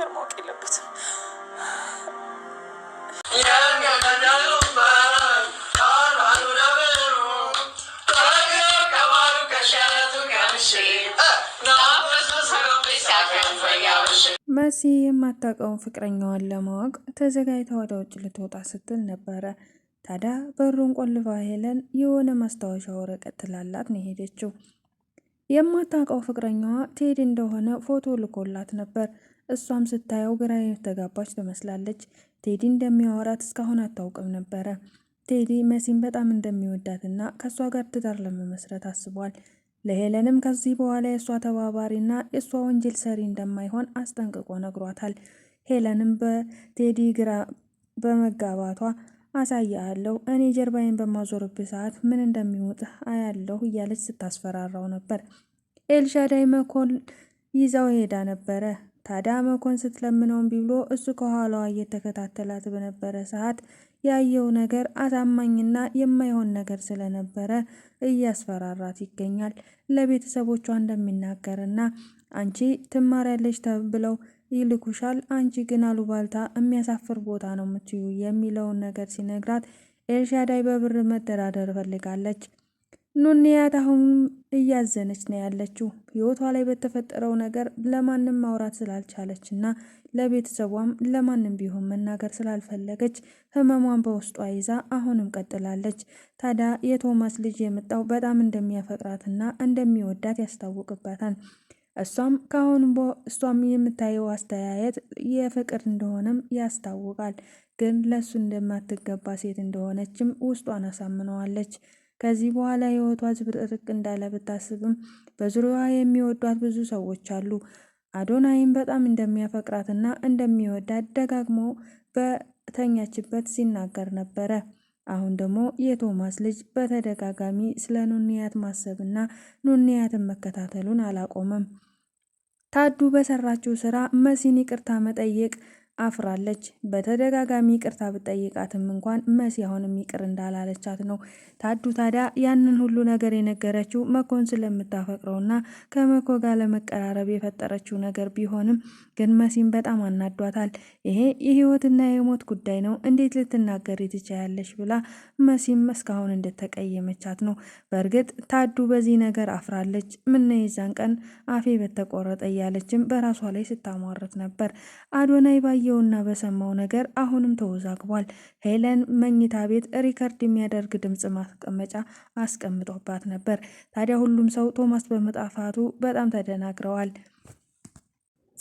ነገር ማወቅ የለበትም። መሲ የማታውቀውን ፍቅረኛዋን ለማወቅ ተዘጋጅታ ወደ ውጭ ልትወጣ ስትል ነበረ። ታዲያ በሩን ቆልፋ ሄለን የሆነ ማስታወሻ ወረቀት ትላላት ነው የሄደችው። የማታውቀው ፍቅረኛዋ ቴዲ እንደሆነ ፎቶ ልኮላት ነበር። እሷም ስታየው ግራ የተጋባች ትመስላለች። ቴዲ እንደሚያወራት እስካሁን አታውቅም ነበረ። ቴዲ መሲን በጣም እንደሚወዳትና ከእሷ ጋር ትዳር ለመመስረት አስቧል። ለሄለንም ከዚህ በኋላ የእሷ ተባባሪና የእሷ ወንጀል ሰሪ እንደማይሆን አስጠንቅቆ ነግሯታል። ሄለንም በቴዲ ግራ በመጋባቷ አሳያለሁ እኔ ጀርባዬን በማዞርብ ሰዓት ምን እንደሚወጥ አያለሁ እያለች ስታስፈራራው ነበር። ኤልሻዳይ መኮን ይዛው ሄዳ ነበረ። ታዲያ መኮን ስትለምነውን ቢብሎ እሱ ከኋላዋ እየተከታተላት በነበረ ሰዓት ያየው ነገር አሳማኝና የማይሆን ነገር ስለነበረ እያስፈራራት ይገኛል። ለቤተሰቦቿ እንደሚናገርና አንቺ ትማሪያለሽ ተብለው ይልኩሻል። አንቺ ግን አሉባልታ የሚያሳፍር ቦታ ነው የምትዩ የሚለውን ነገር ሲነግራት ኤልሻዳይ በብር መደራደር ፈልጋለች። ኑንያት አሁን እያዘነች ነው ያለችው ህይወቷ ላይ በተፈጠረው ነገር ለማንም ማውራት ስላልቻለች እና ለቤተሰቧም ለማንም ቢሆን መናገር ስላልፈለገች ህመሟን በውስጧ ይዛ አሁንም ቀጥላለች። ታዲያ የቶማስ ልጅ የመጣው በጣም እንደሚያፈቅራትና እንደሚወዳት ያስታውቅባታል። እሷም ከአሁን እሷም የምታየው አስተያየት የፍቅር እንደሆነም ያስታውቃል። ግን ለእሱ እንደማትገባ ሴት እንደሆነችም ውስጧን አሳምነዋለች። ከዚህ በኋላ ህይወቷ ዝብርቅርቅ እንዳለ ብታስብም በዙሪያዋ የሚወዷት ብዙ ሰዎች አሉ። አዶናይም በጣም እንደሚያፈቅራትና እንደሚወዳት ደጋግሞ በተኛችበት ሲናገር ነበረ። አሁን ደግሞ የቶማስ ልጅ በተደጋጋሚ ስለ ኑንያት ማሰብና ኑንያትን መከታተሉን አላቆመም። ታዱ በሰራችው ስራ መሲን ይቅርታ መጠየቅ አፍራለች። በተደጋጋሚ ይቅርታ ብጠይቃትም እንኳን መሲ አሁንም ይቅር እንዳላለቻት ነው። ታዱ ታዲያ ያንን ሁሉ ነገር የነገረችው መኮን ስለምታፈቅረውና ከመኮ ጋር ለመቀራረብ የፈጠረችው ነገር ቢሆንም ግን መሲም በጣም አናዷታል። ይሄ የህይወትና የሞት ጉዳይ ነው፣ እንዴት ልትናገሪ ትችያለሽ? ብላ መሲም እስካሁን እንደተቀየመቻት ነው። በእርግጥ ታዱ በዚህ ነገር አፍራለች። ምነው የዛን ቀን አፌ በተቆረጠ እያለችም በራሷ ላይ ስታሟርት ነበር። አዶናይ ባየ ባየውና በሰማው ነገር አሁንም ተወዛግቧል። ሄለን መኝታ ቤት ሪከርድ የሚያደርግ ድምፅ ማስቀመጫ አስቀምጦባት ነበር። ታዲያ ሁሉም ሰው ቶማስ በመጣፋቱ በጣም ተደናግረዋል።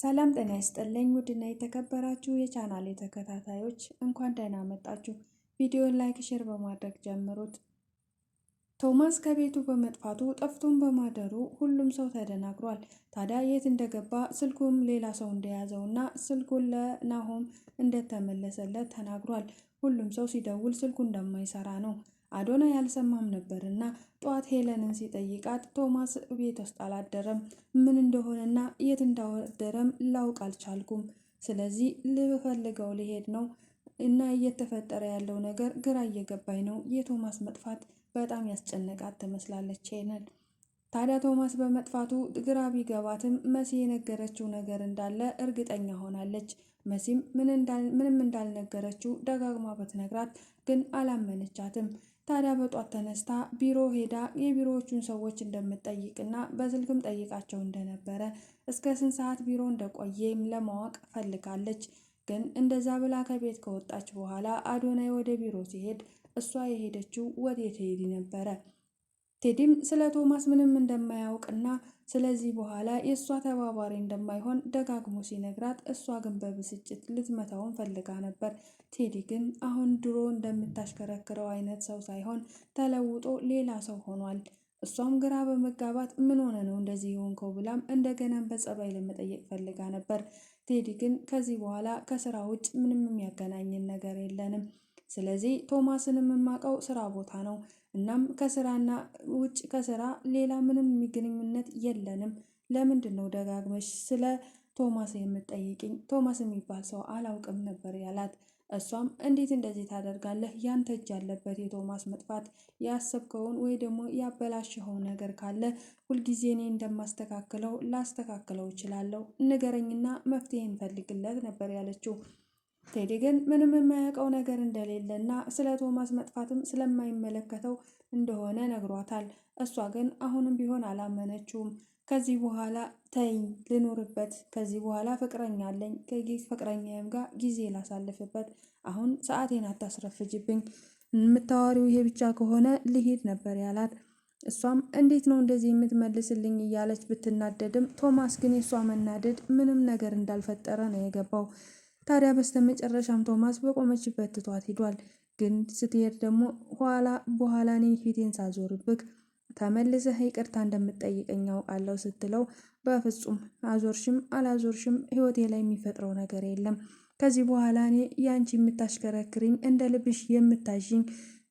ሰላም ጤና ይስጥልኝ። ውድና የተከበራችሁ የቻናሌ ተከታታዮች እንኳን ደህና መጣችሁ። ቪዲዮን ላይክ፣ ሼር በማድረግ ጀምሩት። ቶማስ ከቤቱ በመጥፋቱ ጠፍቶን በማደሩ ሁሉም ሰው ተደናግሯል። ታዲያ የት እንደገባ ስልኩም ሌላ ሰው እንደያዘው እና ስልኩን ለናሆም እንደተመለሰለት ተናግሯል። ሁሉም ሰው ሲደውል ስልኩ እንደማይሰራ ነው። አዶና ያልሰማም ነበርና ጠዋት ሄለንን ሲጠይቃት ቶማስ ቤት ውስጥ አላደረም። ምን እንደሆነና የት እንዳደረም ላውቅ አልቻልኩም። ስለዚህ ልፈልገው ሊሄድ ነው እና እየተፈጠረ ያለው ነገር ግራ እየገባኝ ነው። የቶማስ መጥፋት በጣም ያስጨነቃት ትመስላለች ሄለን። ታዲያ ቶማስ በመጥፋቱ ግራ ቢገባትም መሲ የነገረችው ነገር እንዳለ እርግጠኛ ሆናለች። መሲም ምንም እንዳልነገረችው ደጋግማ ብትነግራት ግን አላመነቻትም። ታዲያ በጧት ተነስታ ቢሮ ሄዳ የቢሮዎቹን ሰዎች እንደምትጠይቅና በስልክም ጠይቃቸው እንደነበረ እስከ ስንት ሰዓት ቢሮ እንደቆየም ለማወቅ ፈልጋለች። ግን እንደዛ ብላ ከቤት ከወጣች በኋላ አዶናይ ወደ ቢሮ ሲሄድ እሷ የሄደችው ወደ ቴዲ ነበረ። ቴዲም ስለ ቶማስ ምንም እንደማያውቅና ስለዚህ በኋላ የእሷ ተባባሪ እንደማይሆን ደጋግሞ ሲነግራት፣ እሷ ግን በብስጭት ልትመታውን ፈልጋ ነበር። ቴዲ ግን አሁን ድሮ እንደምታሽከረክረው አይነት ሰው ሳይሆን ተለውጦ ሌላ ሰው ሆኗል። እሷም ግራ በመጋባት ምን ሆነ ነው እንደዚህ የሆንከው ብላም እንደገናም በጸባይ ለመጠየቅ ፈልጋ ነበር። ቴዲ ግን ከዚህ በኋላ ከስራ ውጭ ምንም የሚያገናኝን ነገር የለንም፣ ስለዚህ ቶማስን የምማቀው ስራ ቦታ ነው። እናም ከስራና ውጭ ከስራ ሌላ ምንም ግንኙነት የለንም። ለምንድን ነው ደጋግመሽ ስለ ቶማስ የምጠይቅኝ ቶማስ የሚባል ሰው አላውቅም ነበር ያላት። እሷም እንዴት እንደዚህ ታደርጋለህ? ያንተ እጅ ያለበት የቶማስ መጥፋት ያሰብከውን ወይ ደግሞ ያበላሸኸውን ነገር ካለ ሁልጊዜ እኔ እንደማስተካክለው ላስተካክለው እችላለሁ፣ ንገረኝና መፍትሄ እንፈልግለት ነበር ያለችው። ቴዲ ግን ምንም የማያውቀው ነገር እንደሌለና ስለ ቶማስ መጥፋትም ስለማይመለከተው እንደሆነ ነግሯታል። እሷ ግን አሁንም ቢሆን አላመነችውም። ከዚህ በኋላ ተይኝ ልኖርበት። ከዚህ በኋላ ፍቅረኛ አለኝ። ከፍቅረኛዬም ጋር ጊዜ ላሳልፍበት። አሁን ሰዓቴን አታስረፍጅብኝ። የምታዋሪው ይሄ ብቻ ከሆነ ልሄድ ነበር ያላት። እሷም እንዴት ነው እንደዚህ የምትመልስልኝ እያለች ብትናደድም ቶማስ ግን የእሷ መናደድ ምንም ነገር እንዳልፈጠረ ነው የገባው። ታዲያ በስተመጨረሻም ቶማስ በቆመችበት ትቷት ሂዷል። ግን ስትሄድ ደግሞ ኋላ በኋላ እኔ ፊቴን ሳዞርብክ ተመልሰህ ይቅርታ እንደምትጠይቀኝ አውቃለሁ ስትለው በፍጹም አዞርሽም አላዞርሽም ህይወቴ ላይ የሚፈጥረው ነገር የለም። ከዚህ በኋላ እኔ የአንቺ የምታሽከረክርኝ እንደ ልብሽ የምታዥኝ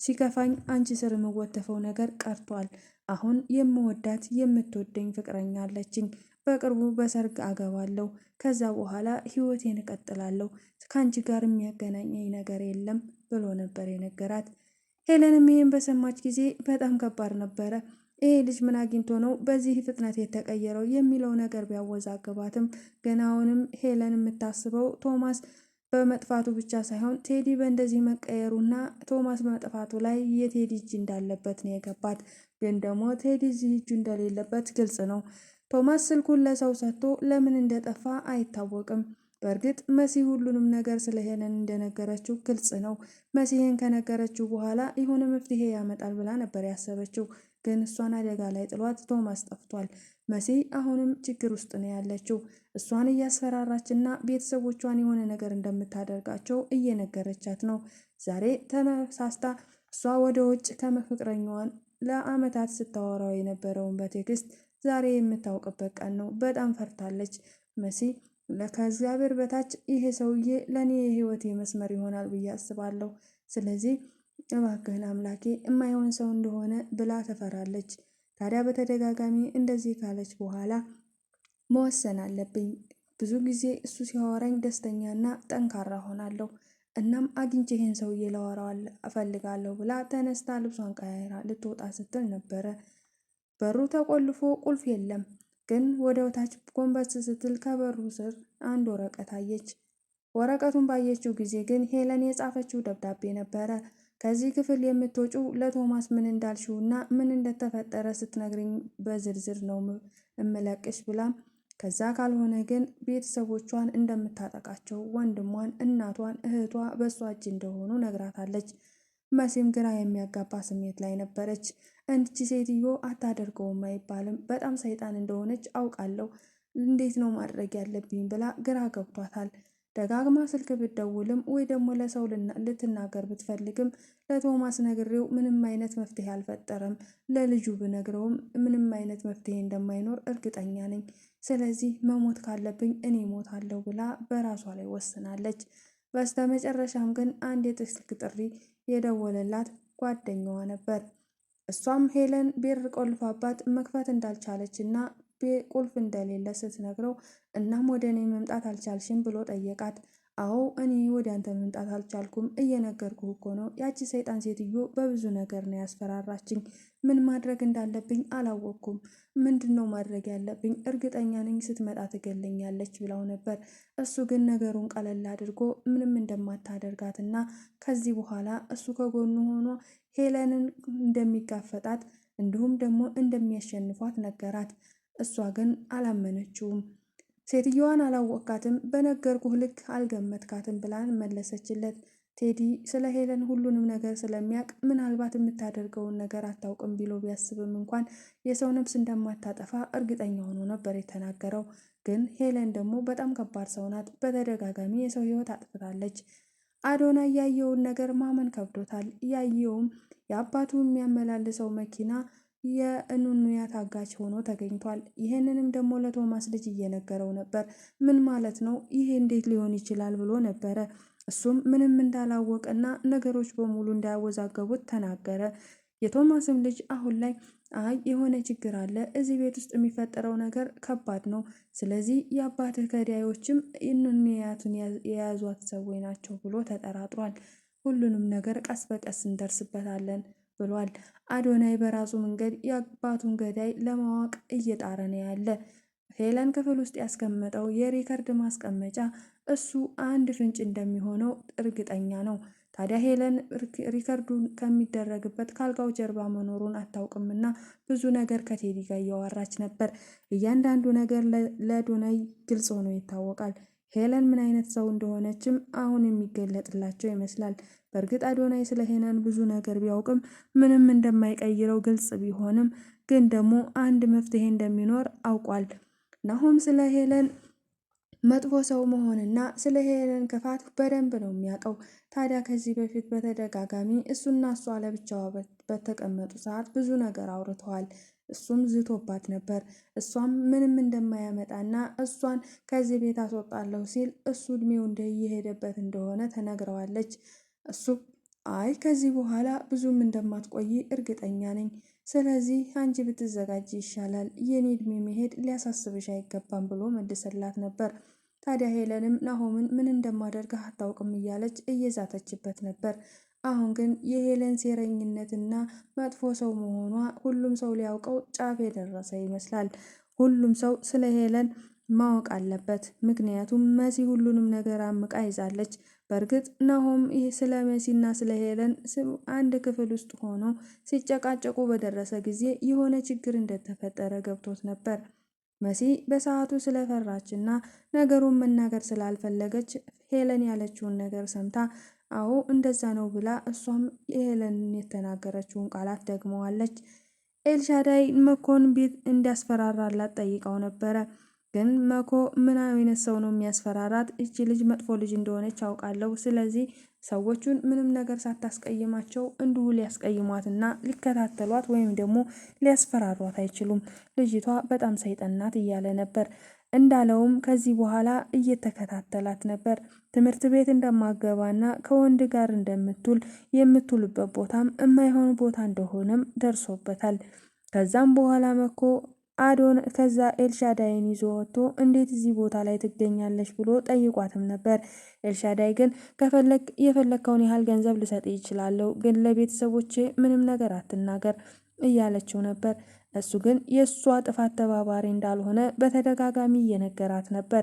ሲከፋኝ አንቺ ስር የምወተፈው ነገር ቀርቷል። አሁን የምወዳት የምትወደኝ ፍቅረኛ አለችኝ። በቅርቡ በሰርግ አገባለሁ። ከዛ በኋላ ህይወቴን እቀጥላለሁ። ከአንቺ ጋር የሚያገናኘኝ ነገር የለም ብሎ ነበር የነገራት። ሄለንም ይህን በሰማች ጊዜ በጣም ከባድ ነበረ። ይሄ ልጅ ምን አግኝቶ ነው በዚህ ፍጥነት የተቀየረው የሚለው ነገር ቢያወዛግባትም ገና አሁንም ሄለን የምታስበው ቶማስ በመጥፋቱ ብቻ ሳይሆን ቴዲ በእንደዚህ መቀየሩና ቶማስ መጥፋቱ ላይ የቴዲ እጅ እንዳለበት ነው የገባት። ግን ደግሞ ቴዲ እዚህ እጁ እንደሌለበት ግልጽ ነው። ቶማስ ስልኩን ለሰው ሰጥቶ ለምን እንደጠፋ አይታወቅም። በእርግጥ መሲ ሁሉንም ነገር ስለ ሄለን እንደነገረችው ግልጽ ነው። መሲህን ከነገረችው በኋላ የሆነ መፍትሄ ያመጣል ብላ ነበር ያሰበችው፣ ግን እሷን አደጋ ላይ ጥሏት ቶማስ ጠፍቷል። መሲ አሁንም ችግር ውስጥ ነው ያለችው። እሷን እያስፈራራች እና ቤተሰቦቿን የሆነ ነገር እንደምታደርጋቸው እየነገረቻት ነው። ዛሬ ተነሳስታ እሷ ወደ ውጭ ከመፍቅረኛዋን ለአመታት ስታወራው የነበረውን በቴክስት ዛሬ የምታውቅበት ቀን ነው። በጣም ፈርታለች መሲ ከእግዚአብሔር በታች ይሄ ሰውዬ ለእኔ የህይወቴ መስመር ይሆናል ብዬ አስባለሁ። ስለዚህ እባክህን አምላኬ እማይሆን ሰው እንደሆነ ብላ ተፈራለች። ታዲያ በተደጋጋሚ እንደዚህ ካለች በኋላ መወሰን አለብኝ። ብዙ ጊዜ እሱ ሲያወራኝ ደስተኛና ጠንካራ ሆናለሁ። እናም አግኝቼ ይህን ሰውዬ ለወራዋል እፈልጋለሁ ብላ ተነስታ ልብሷን ቀያይራ ልትወጣ ስትል ነበረ። በሩ ተቆልፎ ቁልፍ የለም። ግን ወደ ታች ጎንበስ ስትል ከበሩ ስር አንድ ወረቀት አየች። ወረቀቱን ባየችው ጊዜ ግን ሄለን የጻፈችው ደብዳቤ ነበረ። ከዚህ ክፍል የምትወጪው ለቶማስ ምን እንዳልሽው እና ምን እንደተፈጠረ ስትነግርኝ በዝርዝር ነው እምለቅሽ ብላም ከዛ ካልሆነ ግን ቤተሰቦቿን እንደምታጠቃቸው፣ ወንድሟን፣ እናቷን፣ እህቷ በእሷ እጅ እንደሆኑ ነግራታለች። መሲም ግራ የሚያጋባ ስሜት ላይ ነበረች። እንቺ ሴትዮ አታደርገውም አይባልም፣ በጣም ሰይጣን እንደሆነች አውቃለሁ። እንዴት ነው ማድረግ ያለብኝ ብላ ግራ ገብቷታል። ደጋግማ ስልክ ብትደውልም ወይ ደግሞ ለሰው ልትናገር ብትፈልግም ለቶማስ ነግሬው ምንም አይነት መፍትሄ አልፈጠረም። ለልጁ ብነግረውም ምንም አይነት መፍትሄ እንደማይኖር እርግጠኛ ነኝ። ስለዚህ መሞት ካለብኝ እኔ ሞታለሁ ብላ በራሷ ላይ ወስናለች። በስተመጨረሻም ግን አንድ የስልክ ጥሪ የደወለላት ጓደኛዋ ነበር። እሷም ሄለን ቤር ቆልፋባት መክፈት እንዳልቻለች እና ቁልፍ እንደሌለ ስትነግረው እናም ወደ እኔ መምጣት አልቻልሽም ብሎ ጠየቃት። አዎ እኔ ወደ አንተ መምጣት አልቻልኩም፣ እየነገርኩ እኮ ነው። ያቺ ሰይጣን ሴትዮ በብዙ ነገር ነው ያስፈራራችኝ። ምን ማድረግ እንዳለብኝ አላወቅኩም። ምንድን ነው ማድረግ ያለብኝ? እርግጠኛ ነኝ ስትመጣ ትገለኛለች ብላው ነበር። እሱ ግን ነገሩን ቀለል አድርጎ ምንም እንደማታደርጋትና ከዚህ በኋላ እሱ ከጎኑ ሆኖ ሄለንን እንደሚጋፈጣት እንዲሁም ደግሞ እንደሚያሸንፏት ነገራት። እሷ ግን አላመነችውም። ሴትየዋን አላወቅካትም፣ በነገርኩህ ልክ አልገመትካትም ብላ መለሰችለት። ቴዲ ስለ ሄለን ሁሉንም ነገር ስለሚያውቅ ምናልባት የምታደርገውን ነገር አታውቅም ቢሎ ቢያስብም እንኳን የሰው ነፍስ እንደማታጠፋ እርግጠኛ ሆኖ ነበር የተናገረው። ግን ሄለን ደግሞ በጣም ከባድ ሰው ናት። በተደጋጋሚ የሰው ሕይወት አጥፍታለች። አዶና ያየውን ነገር ማመን ከብዶታል። ያየውም የአባቱ የሚያመላልሰው መኪና የእኑኑያ ታጋች ሆኖ ተገኝቷል። ይህንንም ደግሞ ለቶማስ ልጅ እየነገረው ነበር። ምን ማለት ነው? ይሄ እንዴት ሊሆን ይችላል ብሎ ነበረ። እሱም ምንም እንዳላወቀና ነገሮች በሙሉ እንዳያወዛገቡት ተናገረ። የቶማስም ልጅ አሁን ላይ አይ የሆነ ችግር አለ፣ እዚህ ቤት ውስጥ የሚፈጠረው ነገር ከባድ ነው። ስለዚህ የአባትህ ከዳዮችም እኑኑያቱን የያዟት ሰዎች ናቸው ብሎ ተጠራጥሯል። ሁሉንም ነገር ቀስ በቀስ እንደርስበታለን ብሏል። አዶናይ በራሱ መንገድ የአባቱን ገዳይ ለማወቅ እየጣረ ነው ያለ። ሄለን ክፍል ውስጥ ያስቀመጠው የሪከርድ ማስቀመጫ እሱ አንድ ፍንጭ እንደሚሆነው እርግጠኛ ነው። ታዲያ ሄለን ሪከርዱን ከሚደረግበት ካልጋው ጀርባ መኖሩን አታውቅምና ብዙ ነገር ከቴዲ ጋር እያወራች ነበር። እያንዳንዱ ነገር ለአዶናይ ግልጽ ሆኖ ይታወቃል። ሄለን ምን አይነት ሰው እንደሆነችም አሁን የሚገለጥላቸው ይመስላል። በእርግጥ አዶናይ ስለ ሄለን ብዙ ነገር ቢያውቅም ምንም እንደማይቀይረው ግልጽ ቢሆንም ግን ደግሞ አንድ መፍትሄ እንደሚኖር አውቋል። ናሆም ስለ ሄለን መጥፎ ሰው መሆንና ስለ ሄለን ክፋት በደንብ ነው የሚያውቀው። ታዲያ ከዚህ በፊት በተደጋጋሚ እሱና እሷ ለብቻዋ በተቀመጡ ሰዓት ብዙ ነገር አውርተዋል። እሱም ዝቶባት ነበር። እሷም ምንም እንደማያመጣና እሷን ከዚህ ቤት አስወጣለሁ ሲል እሱ እድሜው እንደየሄደበት እንደሆነ ተነግረዋለች። እሱ አይ ከዚህ በኋላ ብዙም እንደማትቆይ እርግጠኛ ነኝ። ስለዚህ አንቺ ብትዘጋጅ ይሻላል፣ የኔ እድሜ መሄድ ሊያሳስብሽ አይገባም ብሎ መልሰላት ነበር። ታዲያ ሄለንም ናሆምን ምን እንደማደርግ አታውቅም እያለች እየዛተችበት ነበር። አሁን ግን የሄለን ሴረኝነትና መጥፎ ሰው መሆኗ ሁሉም ሰው ሊያውቀው ጫፍ የደረሰ ይመስላል። ሁሉም ሰው ስለ ሄለን ማወቅ አለበት። ምክንያቱም መሲ ሁሉንም ነገር አምቃ ይዛለች። በእርግጥ ናሆም ይህ ስለ መሲና ስለ ሄለን አንድ ክፍል ውስጥ ሆነው ሲጨቃጨቁ በደረሰ ጊዜ የሆነ ችግር እንደተፈጠረ ገብቶት ነበር። መሲ በሰዓቱ ስለፈራችና ነገሩን መናገር ስላልፈለገች ሄለን ያለችውን ነገር ሰምታ አዎ እንደዛ ነው ብላ እሷም የሄለን የተናገረችውን ቃላት ደግመዋለች። ኤልሻዳይ መኮን ቤት እንዲያስፈራራላት ጠይቀው ነበረ። ግን መኮ ምን አይነት ሰው ነው የሚያስፈራራት? እቺ ልጅ መጥፎ ልጅ እንደሆነች አውቃለሁ። ስለዚህ ሰዎቹን ምንም ነገር ሳታስቀይማቸው እንዲሁ ሊያስቀይሟትና ሊከታተሏት ወይም ደግሞ ሊያስፈራሯት አይችሉም። ልጅቷ በጣም ሰይጠናት እያለ ነበር። እንዳለውም ከዚህ በኋላ እየተከታተላት ነበር። ትምህርት ቤት እንደማገባና ከወንድ ጋር እንደምትውል የምትውልበት ቦታም የማይሆን ቦታ እንደሆነም ደርሶበታል። ከዛም በኋላ መኮ አዶን ከዛ ኤልሻዳይን ይዞ ወጥቶ እንዴት እዚህ ቦታ ላይ ትገኛለች ብሎ ጠይቋትም ነበር። ኤልሻዳይ ግን ከፈለግ የፈለግከውን ያህል ገንዘብ ልሰጥ ይችላለሁ፣ ግን ለቤተሰቦቼ ምንም ነገር አትናገር እያለችው ነበር። እሱ ግን የእሷ ጥፋት ተባባሪ እንዳልሆነ በተደጋጋሚ እየነገራት ነበር።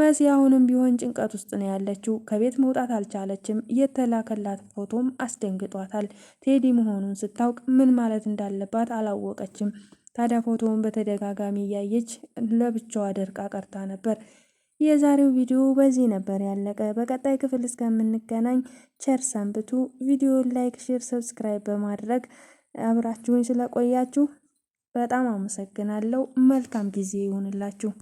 መሲ አሁንም ቢሆን ጭንቀት ውስጥ ነው ያለችው። ከቤት መውጣት አልቻለችም። የተላከላት ፎቶም አስደንግጧታል። ቴዲ መሆኑን ስታውቅ ምን ማለት እንዳለባት አላወቀችም። ታዲያ ፎቶውን በተደጋጋሚ እያየች ለብቻዋ ደርቃ ቀርታ ነበር። የዛሬው ቪዲዮ በዚህ ነበር ያለቀ። በቀጣይ ክፍል እስከምንገናኝ ቸር ሰንብቱ። ቪዲዮን ላይክ፣ ሼር፣ ሰብስክራይብ በማድረግ አብራችሁን ስለቆያችሁ በጣም አመሰግናለሁ። መልካም ጊዜ ይሆንላችሁ።